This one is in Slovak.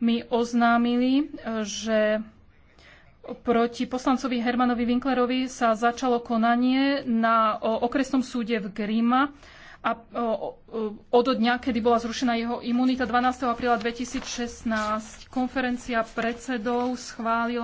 mi oznámili, e, že proti poslancovi Hermanovi Winklerovi sa začalo konanie na okresnom súde v Grima a od dňa, kedy bola zrušená jeho imunita 12. apríla 2016, konferencia predsedov schválila